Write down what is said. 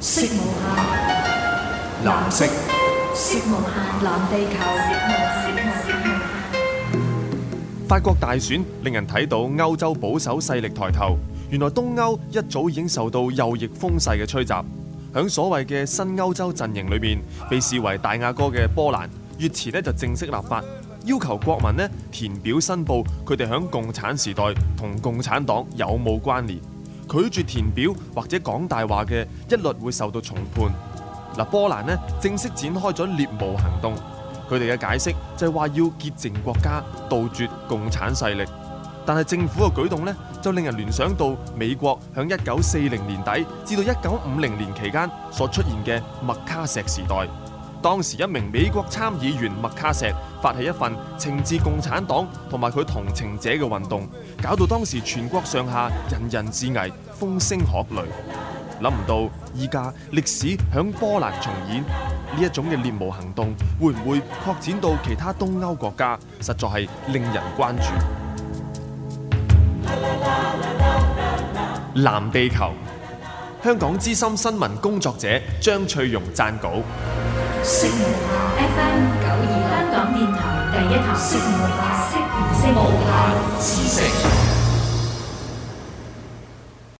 色無限，藍色。色無限，藍地球。法國大選令人睇到歐洲保守勢力抬頭，原來東歐一早已經受到右翼風勢嘅吹襲。響所謂嘅新歐洲陣營裏面，被視為大亞哥嘅波蘭，月前呢就正式立法，要求國民呢填表申報佢哋響共產時代同共產黨有冇關聯。拒絕填表或者講大話嘅，一律會受到重判。嗱，波蘭呢正式展開咗獵巫行動，佢哋嘅解釋就係話要潔淨國家，杜絕共產勢力。但係政府嘅舉動呢，就令人聯想到美國響一九四零年底至到一九五零年期間所出現嘅麥卡錫時代。當時一名美國參議員麥卡錫發起一份懲治共產黨同埋佢同情者嘅運動，搞到當時全國上下人人自危，風聲鶴唳。諗唔到，依家歷史響波蘭重演呢一種嘅獵巫行動，會唔會擴展到其他東歐國家，實在係令人關注。藍地球，香港資深新聞工作者張翠容撰稿。FM 九二香港電台第一台。